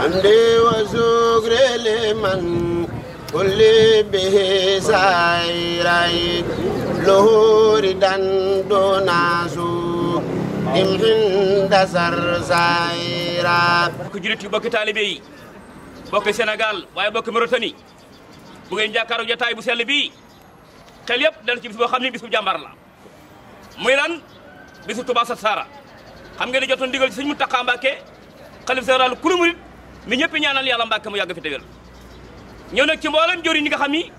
حمدي وزوجري لمن كل به سايرين له ردا دون سوء عند سرسايرا ku julit yi bokki taalibe yi bokki Sénégal waaye bokki Mauritanie bu ngeen jàkkaaroo jotaay bu sell bii xel yëpp dal ci xam ne bis bu jàmbaar la muy lan bisu Touba Sat Sara xam ngeen ne jotoon ndigal ci sëñ Mountakha Mbacké xalif général kulu mi ñëpp ñaanal yàlla Mbacké mu yàgg fi te wér ñëw nag ci mboolem jori ñi nga xam ni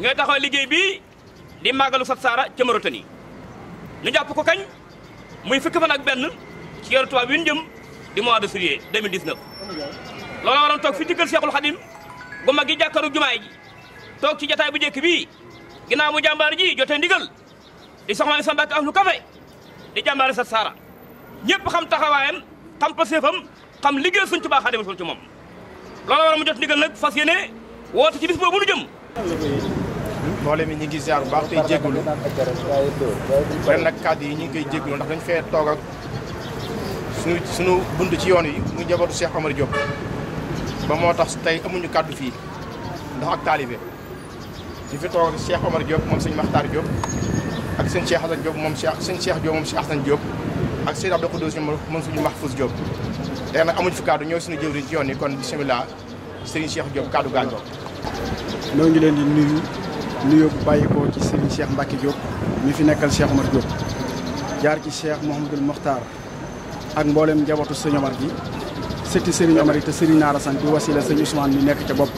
ñooy liggéey bii di màggalu Sat Sara ca Mauritanie ñu jàpp ko kañ muy fukki fan ak benn ci weeru tubaab wi ñu jëm di mois de juillet 2019 looloo waroon toog fi diggal Seexul Xadim gu mag gi jàkkaru jumaay ji toog ci jataay bu njëkk bii ginnaaw mu jàmbaar ji jotee ndigal di soxna sa Mbàkke di jàmbaari Sat Sara ñëpp xam taxawaayam xam paseefam xam liggéey suñ Tuubaa Xaadimu Rasuul ci moom loolu war mu jot ndigal nag fas yéene woote ci bis boobu nu jëm mboolem mi ñu gis ziar ba baax tey jégalu ren nag kàddu yi ñu ngi koy jégalu ndax dañu fee toog suñu suñu bunt ci yoon yi muy jabatu Cheikh Omar Diop ba moo tax tey amuñu kàddu fii ndax ak taalibe di fi toog ak Cheikh Omar Diop moom sëñ Makhtar Diop ak sëñ Cheikh Hassane Diop moom Cheikh sëñ Cheikh Diop moom ak Seydou Abdou Khoudous Mansour Mahfouz Diop léegi nag amuñ fi kaddu ñoo suñu jëwriñ ci yoon yi kon bisimilah Serigne Cheikh Diop kaddu gaañoo. ñoo ngi leen di nuyu nuyoo bu bàyyikoo ci Serigne Cheikh Mbacke Diop mi fi nekkal Cheikh Omar Diop jaar ci Cheikh Mouhamadul Mokhtar ak mboolem njabootu sëñ Omar gi sëtti Serigne Omar yi te Serigne Nara sant di wasila sëñ Ousmane mi nekk ca bopp.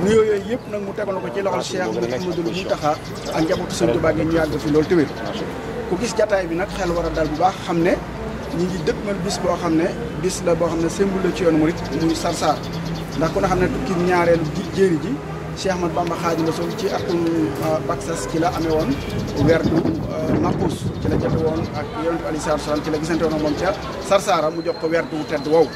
nuyoo yooyu yëpp nag mu tegal ko ci loxol Cheikh Mouhamadul Mountakha ak njabootu sëñ Touba gi ñu fi loolu tamit. ku gis jataay bi nag xel war a dal bu baax xam ne ñi ngi dëgmal bis boo xam ne bis la boo xam ne symbole la ci yoonu murit muy Sarsar ndax ku ne xam ne tukki ñaareelu ji jéeri ji Cheikh Ahmad Bamba Xaadimu Rasuul ci atum baksas euh, ci la amee woon werdu euh, Mappus ci la jote woon ak yonent bi aleyhi salaatu salaam ci la gisante woon moom ca Sarsara mu jox ko werdu tedd wow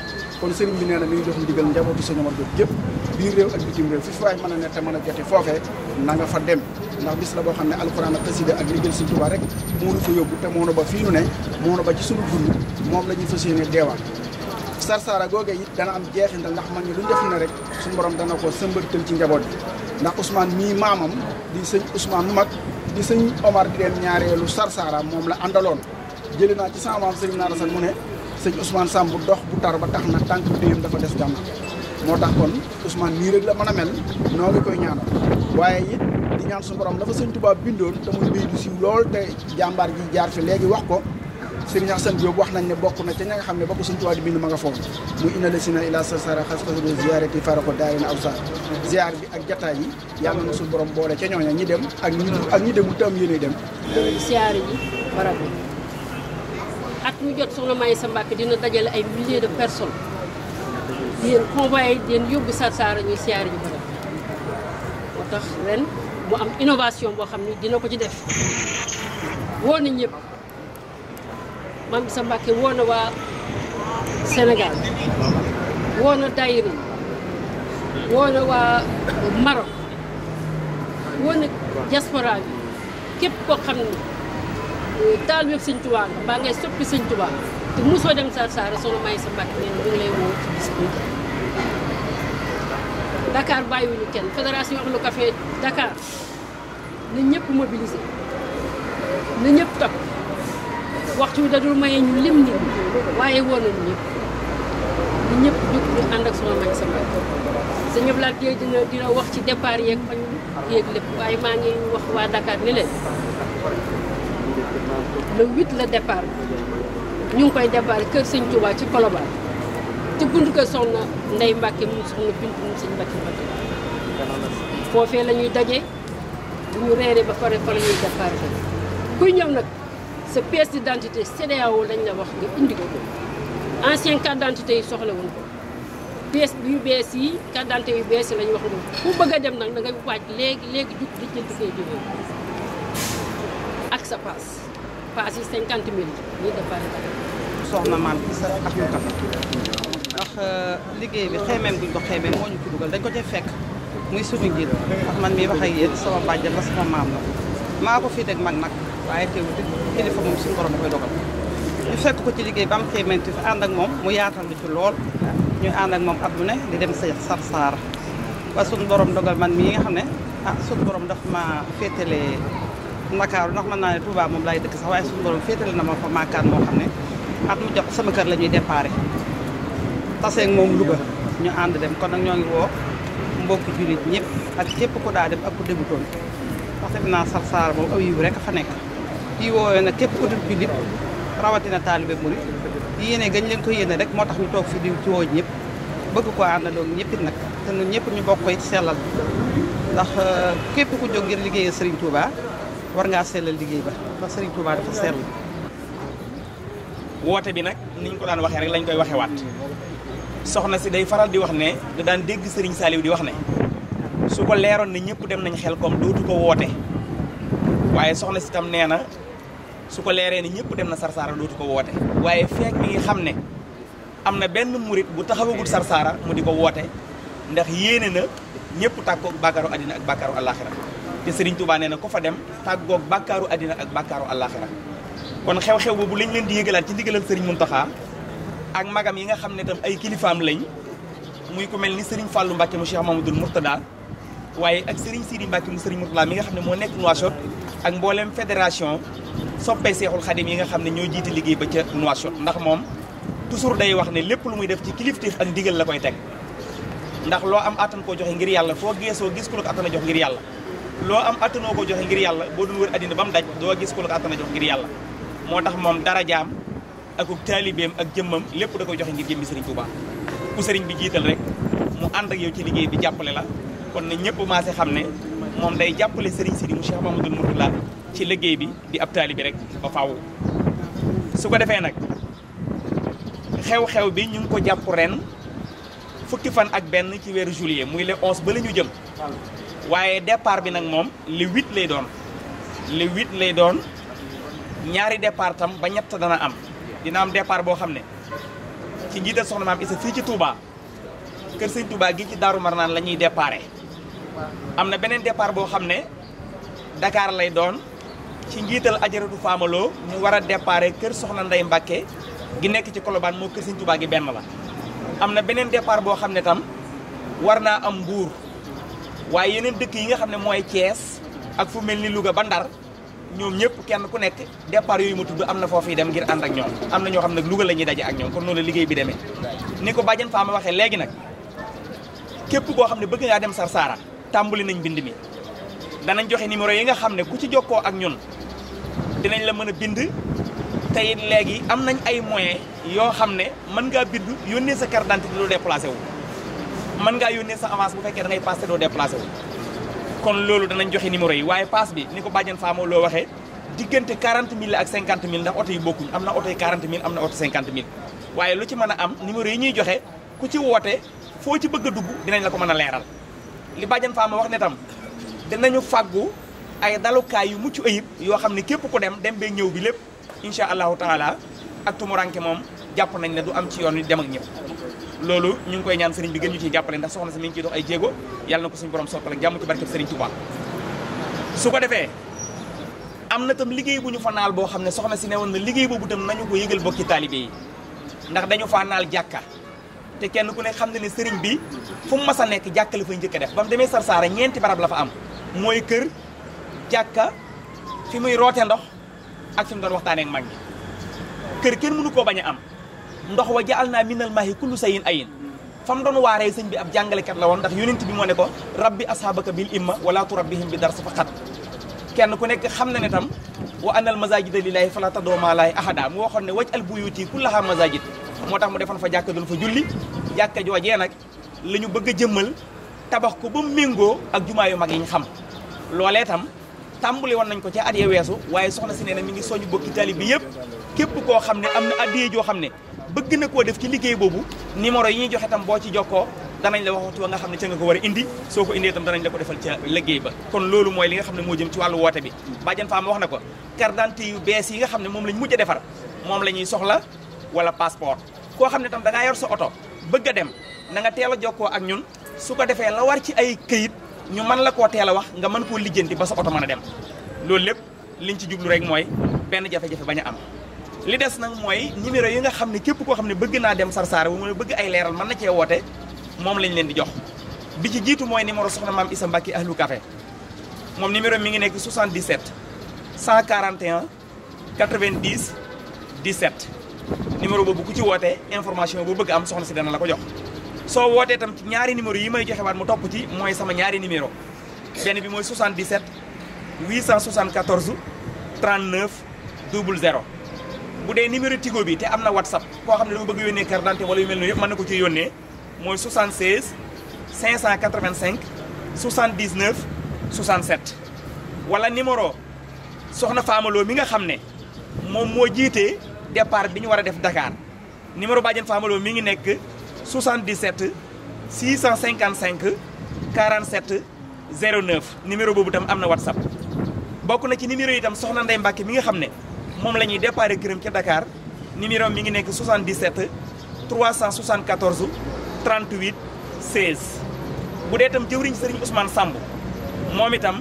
kon sëriñ bi nee na mi ngi jox ndigal njabootu Sëriñ Omar gépp biir réew ak bitim réew fi fi waay mën a ne te mën a joti foofee na fa dem ndax bis la boo xam ne alxuraan ak xasida ak liggéey Sëriñ Tuubaa rek moo nu fa yóbbu te moo ba fii nu ne moo nu ba ci sunu dund moom la ñu fas yéene deewaat sarsaara googee it dana am jeexintal ndax man ñi lu ñu def ne rek su borom dana ko sëmbatal ci njaboot bi ndax Ousmane mii maamam di sëñ Ousmane mu mag di sëñ Omar di leen ñaareelu sarsaara moom la àndaloon jëli naa ci sama maam sëriñ Naar Assane mu ne sëñ Ousmane Samb dox bu tar ba tax na tànk déyam dafa des gàmm moo tax kon Ousmane nii rek la mën a mel noo ngi koy ñaanal waaye it di ñaan suñu borom dafa sëñ Tuubaa bindoon te muy béy du lool te jàmbaar gi jaar fi léegi wax ko si sëriñ Assane Diop wax nañ ne bokk na ca ña xam ne ba ko sëñ Tuubaa di bind ma nga foofu muy ina la si na ila sa sara xas xasado ziarati fara bi ak jataay yi yàlla na suñu borom boole ca ñooña ñi dem ak ñi ak ñi demul te am yéene dem ziar yi barab bi at mu jot soxna Maysa Mbàkke dina dajale ay milliers de personnes yéen convois yi yéen yóbbu Sarsara ñuy siyaare ñu ko def moo tax ren mu am innovation boo xam ni dina ko ci def woo na ñëpp Mame Issa Mbacké woo waa Sénégal woo na daayira woo waa Maroc woo na képp koo xam ne taal bi sëñ Tuubaa nga mbaa ngay soppi sëñ Tuubaa te mosoo dem Sar Sara solo may sa mbàkk nee na ñu ngi lay woo ci bis bi Dakar bàyyiwuñu kenn fédération Ahlou Café Dakar na ñëpp mobilisé na ñëpp topp waxtu bi dadul maye ñu lim nit waaye woo nañu ñu ànd ak solo may sa mbàkk sa ñëpp laaj dina dina wax ci départ yeeg bañ yeeg lépp waaye maa ngi wax waa Dakar ni leen le 8 la départ ñu ngi koy départ kër sëñ Touba ci Colobane ci bunt kër soxna Ndeye Mbacke mu soxna Bintu mu sëñ Mbacke Mbacke foofee la ñuy daje bu ñu reeree ba pare fa la ñuy départ kuy ñëw nag sa pièce d'identité CEDEAO lañ la wax nga indi ko ancien carte d'identité yi soxla woon ko pièce yu bees yi carte yu bees yi lañ wax noonu ku bëgg a dem nag da waaj léegi léegi jug di jënd koy jógee ak sa passe paas yi cinquante mille ñu defaree ba tey. soxna maam gis nga ak lu tax ndax euh, liggéey bi xeemeem buñ ko xeemeem moo ñu ko dugal dañ ko cee fekk muy suñu njiit ndax man mii wax ak yéen sama bàjjen la sama maam la maa ko fii teg mag nag waaye teewul kilifa moom suñu borom koy dogal. ñu fekk ko ci liggéey ba am xeemeenti fi ànd ak moom mu yaatal lu ci lool ñu ànd ak moom at mu ne di dem sa sarsar waaye suñu borom dogal man mii nga xam ne ah suñu borom daf ma féetale. Ndakaaru ndax mën naa ne Touba moom laay dëkk sax waaye suñu borom féetale na ma fa maakaan moo xam ne at mu jot sama kër la ñuy déparé taseeg moom Louga ñu ànd dem kon nag ñoo ngi woo mbokki jullit ñëpp ak képp ku daa dem ak ku débutoon ndax def naa Sarsara moom rek a fa nekk di woowee nag képp ku dul jullit rawatina taalibe murit yéene gañ leen ko yéene rek moo tax ñu toog fi di ci ñëpp bëgg ko àndandoo ñëpp it nag te ñëpp ñu bokk koy sellal ndax euh, képp ku jóg ngir liggéey Serigne Touba war ngaa sellal liggéey ba ndax Sëriñ Tuubaa dafa sell woote bi nag niñ ko daan waxee rek lañ koy waxee waat soxna si day faral di wax ne da daan dégg Sëriñ Saaliw di wax ne su ko leeroon ne ñëpp dem nañ xel comme dootu ko woote waaye soxna si tam nee na su ko leeree ne ñëpp dem na Sarsara dootu ko woote waaye feek mi xam ne am na benn murit bu taxawagul sarsaara mu di ko woote ndax yéene na ñëpp tàkkoog bàkkaaru àddina ak bàkkaaru àllaaxira te Serigne Touba nee na ko fa dem tàggoog bàkkaaru àddina ak bàkkaaru àllaaxira kon xew-xew boobu lañu leen di yëgalaat ci ndigalal Serigne Mountakha ak magam yi nga xam ne tam ay kilifaam lañ muy ku mel ni Serigne Fallou Mbacke mu Cheikh Mamadou Mourtada waaye ak Serigne Sidi Mbacke mu Serigne Mourtada mi nga xam ne moo nekk Nouakchott ak mboolem fédération soppee Seexul Xadim yi nga xam ne ñoo jiite liggéey ba ca Nouakchott ndax moom toujours day wax ne lépp lu muy def ci kilifteef ak ndigal la koy teg ndax loo am attan koo joxe ngir yàlla foo geesoo gis ku la ko attan yàlla loo am attanoo ko joxe ngir yàlla boo dul wër addina ba mu daj doo gis ku la ko attana jox ngir yàlla moo tax moom darajaam ak taalibeem ak jëmmam lépp da koy joxe ngir jëmmi Serigne Touba ku sëriñ bi jiital rek mu ànd ak yow ci liggéey bi jàppale la kon na ñëpp maase xam ne moom day jàppale Serigne Sidi mu Cheikh Mamadou Mourtala ci liggéey bi di ab taalibe rek ba faaw su ko defee nag xew-xew bi ñu ngi ko jàpp ren fukki fan ak benn ci weeru juillet muy le 11 ba la ñu jëm. waaye départ bi nag moom le huit lay doon le huit lay doon ñaari départ tam ba ñett dana am dina am départ boo xam ne ci njiital soxna maam Isa fii ci Touba kër sëñ Touba gi ci Daaru Marnaan la ñuy déparé am na beneen départ boo xam ne dakaar lay doon ci njiital ajaratu faamaloo mu war a déparé kër soxna Ndey Mbàkke gi nekk ci Colobane moo kër sëñ Touba gi benn la am na beneen départ boo xam ne tam war naa am mbuur waaye yeneen dëkk yi nga xam ne mooy Thiès ak fu mel ni Louga ba Ndar ñoom ñëpp kenn ku nekk départ yooyu ma tudd am na foofu yi dem ngir ànd ak ñoom am na ñoo xam ne nag Louga la ñuy daje ak ñoom kon noonu la liggéey bi demee ni ko bàjjen ma waxee léegi nag képp koo xam ne bëgg ngaa dem Sarsara tàmbali nañ bind mi danañ joxe numéro yi nga xam ne ku ci jokkoo ak ñun dinañ la mën a bind te it léegi am nañ ay moyens yoo xam ne mën ngaa bind yónnee sa carte d'identité lu déplacé wu mën ngaa yónnee sa avance bu fekkee da ngay paas te doo déplacé wu kon loolu danañ joxe numéro yi waaye paas bi ni ko bàjjen Faamoo loo waxee diggante 40 mille la ak 50 000 ndax oto yi bokkuñ am na oto yi 40 000 am na oto 50 000 waaye lu ci mën a am numéro yi ñuy joxe ku ci woote foo ci bëgg a dugg dinañ la ko mën a leeral li bàjjen Faamoo wax ne tam dinañu fàggu ay dalukaay yu mucc ayib yoo xam ne képp ko dem dem bee ñëw bi lépp incha allahu taala ak tumuranke moom jàpp nañ ne du am ci yoon wi dem ak ñëpp loolu ñu ngi koy ñaan sëriñ bi gën ñu ciy jàppale ndax soxna si mi ngi ciy dox ay jéego yàlla na ko suñu borom soppal ak jàmm ci barkeb sëriñ Tuubaa su ko defee am na tam liggéey bu ñu fa naal boo xam ne soxna si ne woon na liggéey boobu tam nañu ko yëgal bokki taalibe yi ndax dañu faa naal jàkka te kenn ku ne xam ne ne sëriñ bi fu mu mas a nekk jàkka la fay njëkk def ba mu demee Sarsara ñeenti barab la fa am mooy kër jàkka fi muy roote ndox ak fi doon waxtaanee mag ñi kër kenn mënu bañ am ndox wa al naa minal maahi kullu sayin ayin fam doon waaree sëñ bi ab jàngalekat la woon ndax yonent bi moo ne ko rabbi ashaabaka bil imma wala turabbihim bi darsa faqat kenn ku nekk xam na ne tam wa anal masajida lillahi fala tadoo maa laay ahada mu waxoon ne waj al buyuti kullaha masajid moo tax mu defoon fa jàkka doon fa julli wa joojee nag la ñu bëgg a jëmmal tabax ko ba mu méngoo ak jumaa yu mag yi ñu xam loolee tam tàmbali woon nañ ko ca at ya weesu waaye soxna si nee na mi ngi soñu bokki tali bi yëpp képp koo xam ne am na addiyee joo xam ne bëgg na koo def ci liggéey boobu numéro yi ñuy joxe tam boo ci jokkoo danañ la wax waxtu wa nga xam ne ca nga ko war a indi soo ko indee tam danañ la ko defal ca liggéey ba kon loolu mooy li nga xam ne moo jëm ci wàllu woote bi bàjjan faama wax na ko carte d'identité yu bees yi nga xam ne moom lañ mujj a defar moom la ñuy soxla wala passeport koo xam ne tam da yor sa oto bëgg a dem na nga teel a jokkoo ak ñun su ko defee la war ci ay këyit ñu mën la koo teel a wax nga mën koo lijjanti ba sa oto mën a dem loolu lépp liñ ci jublu rek mooy benn jafe-jafe bañ a li des nag mooy numéro yi nga xam ne képp koo xam ne bëgg naa dem Sarsara bu mu bëgg ay leeral mën na cee woote moom lañ leen di jox bi ci jiitu mooy numéro soxna maam Issa Mbacke ahlu café moom numéro mi ngi nekk 77 141 90 17 numéro boobu ku ci woote information bu bëgg am soxna si dana la ko jox soo wootee tam ci ñaari numéro yi may joxewaat mu topp ci mooy sama ñaari numéro benn bi mooy 77 874 39 00 bu dee numéro Tigo bi te am na WhatsApp koo xam ne dafa bëgg yónnee carte d'identité wala yu mel noonu yëpp mën na ko ci yónnee mooy 76 585 79 67. wala numéro soxna Faamaloo mi nga xam ne moom moo jiitee départ bi ñu war a def Dakar numéro bàjjen Faamaloo mi ngi nekk 77 655 47 09 numéro boobu tam am na WhatsApp bokk na ci numéro yi itam soxna Ndey Mbàkke mi nga xam ne. moom la ñuy départ këram ca dakaar numéro mi ngi nekk 77 374 38 16. bu dee itam jëwriñ sëriñ Ousmane Samb moom itam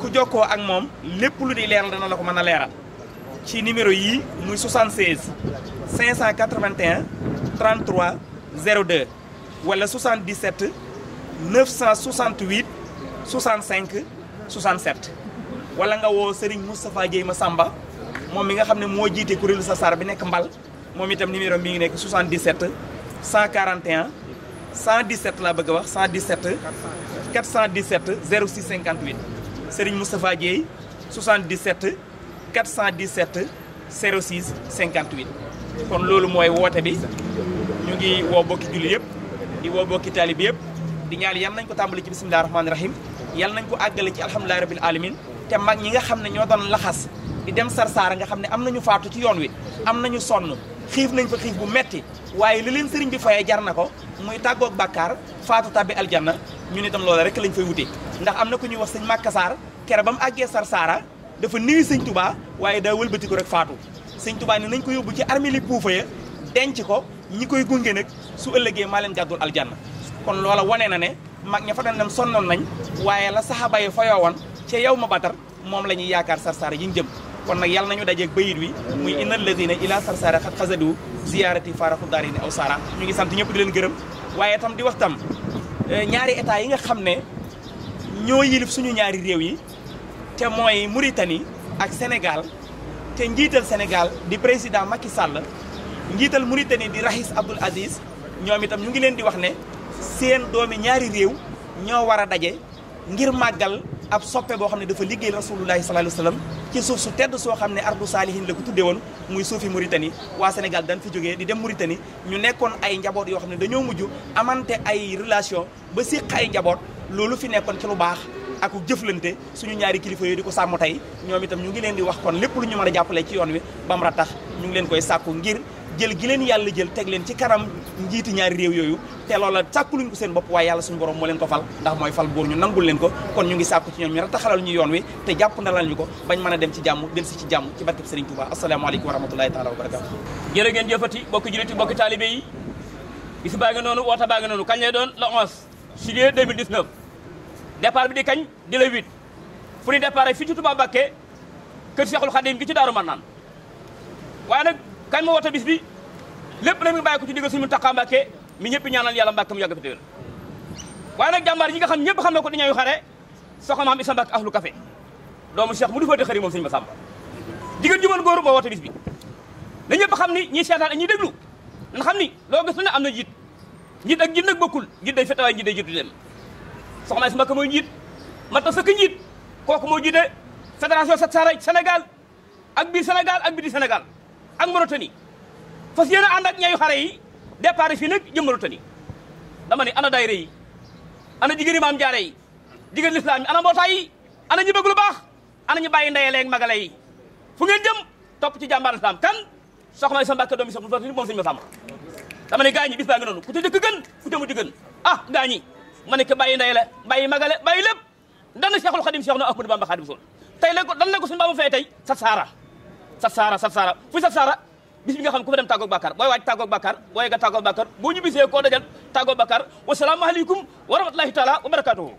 ku jokkoo ak moom lépp lu di leeral dana la ko mën a leeral ci numéro yii muy 76 581 33 02 wala 77 968 65 wala nga woo sëriñ Moustapha Dieye Massamba. moom mi nga xam ne moo jiite kuréelu Sassar bi nekk Mbal moom itam numéro mi ngi nekk 77 141 117 laa bëgg a wax 117 417 06 58 Serigne Moustapha Dieye 77 417 06 58 kon loolu mooy woote bi ñu ngi woo bokki julli yëpp di woo bokki taalib yëpp di ñaan yal nañ ko tàmbali ci bisimilah rahmaani rahim yal nañ ko àggale ci alhamdulilah rabil alamin te mag ñi nga xam ne ñoo doon laxas di dem Sarsara nga xam ne am nañu faatu ci yoon wi am nañu sonn xiif nañ fa xiif bu metti waaye li leen sëriñ bi fayee jar na ko muy tàggoog bakkaar faatu tàbbi aljanna ñu ne itam loola rek lañ fay wute ndax am na ku ñuy wax sëñ Màkka Saar kere ba mu àggee Sarsara dafa niwi sëñ Touba waaye daa wëlbati ko rek faatu sëñ Touba ne nañ ko yóbbu ci armée li puufa denc ko ñi koy gunge nag su ëllëgee maa leen gàddul aljanna kon loola wane na ne mag ña fa doon dem sonnoon nañ waaye la saxaaba yi fayowoon ca yow ma batar moom la ñuy yaakaar Sarsara yi ñu jëm kon nag yàlla nañu dajeeg bayit wi muy innal lazina ila sarsara xat xasadu ziyaarati faaraxu daari ni aw sara ñu ngi sant ñëpp di leen gërëm waaye tam di wax tam eh, ñaari état yi nga xam ne ñoo yilif suñu ñaari réew yi te mooy Mauritanie ak Sénégal te njiital Sénégal di président Macky sàll njiital Mauritanie di Rahis Abdoul Aziz ñoom itam ñu ngi leen di wax ne seen doomi ñaari réew ñoo war a daje ngir màggal ab soppe boo xam ne dafa liggéey rasulullahi sallallahu alayhi wa sallam ci suuf su tedd soo xam ne ardu saalihin la ko tudde woon muy suufi Mauritanie waa Sénégal dañ fi jógee di dem Mauritanie ñu nekkoon ay njaboot yoo xam ne dañoo mujj amante ay relation ba siq ay njaboot loolu fi nekkoon ci lu baax aku jëflante suñu ñaari kilifa yooyu di ko sàmm tey ñoom itam ñu ngi leen di wax kon lépp lu ñu mën a jàppale ci yoon wi bam ra tax ñu ngi leen koy sàkku ngir jël gi leen yàlla jël teg leen ci kanam njiiti ñaari réew yooyu te loola sàkkuluñ ko seen bopp waaye yàlla suñu borom leen ko fal ndax mooy fal buur ñu nangul leen ko kon ñu ngi sàkku ci ñoom ñu rataxalal ñu yoon wi te jàpp na lañu ko bañ mën a dem ci jàmm del si ci jàmm ci barkeb Serigne Touba asalaamaaleykum wa rahmatulahi taala wa barakaatu jërë ngeen jëfati bokki juliti bokki taalibé yi bis baa ngi noonu woota baa ngi noonu ka lay doon le 11 juillet 2019 départ bi di kañ di le 8 fu ñu départ ci Touba Mbacké kër Cheikhul kañ moo woote bis bi lépp nag mi bàyyi ko ci diggal suñu mu taqaa Mbàkke mi ñëpp ñaanal yàlla Mbàkke mu yàgg fi téwél waaye nag jàmbaar yi nga xam ñëpp xam na ko dañuy xare soxna maam Isa Mbàkke ahlu café doomu Cheikh mu du fati xëri moom suñu Masamba jigéen jubal góor moo woote bis bi na ñëpp xam ni ñi seetaan ak ñi déglu nan xam ni loo gis ne am na jiit njiit ak jiit nag bokkul njiit day fetawaay njiit day jiitu dem soxna Isa Mbàkke mooy njiit ma tax sëkk njiit kooku moo jiite fédération Sénégal ak biir Sénégal ak biti Sénégal ak Mauritanie fas yéene ànd ak ñayu xare yi départ fii nag jëm Mauritanie dama ne ana daayira yi ana jigéeni maam jaare yi jigéen lislaam yi ana mbootaay yi ana ñi bëgg lu baax ana ñu bàyyi ndeyale ak magale yi fu ngeen jëm topp ci jàmbaar lislaam kan soxna sa Mbàkke doomi soxna Fatou moom sëñ ma sàmm dama ne gaañi bis baa ngi noonu ku ca jëkk gën ku ca mujj gën ah gaañi ma ne ko bàyyi ndeyale bàyyi magale bàyyi lépp dana Seexul Xadim Seex na Ahmadu Bamba Xaadimu Rasuul tey la dan la ko suñu Bamba fay tey sa saara saf saara saf saara fu saf nga xam ku fa dem tàggoog bàkkaar booy waaj tàggoog bàkkaar booy yegg tàggoog bàkkaar boo ñu bisee koo dajal tàggoog bàkkaar wasalaamualeykum wa rahmatulahi taala wa barakatuhu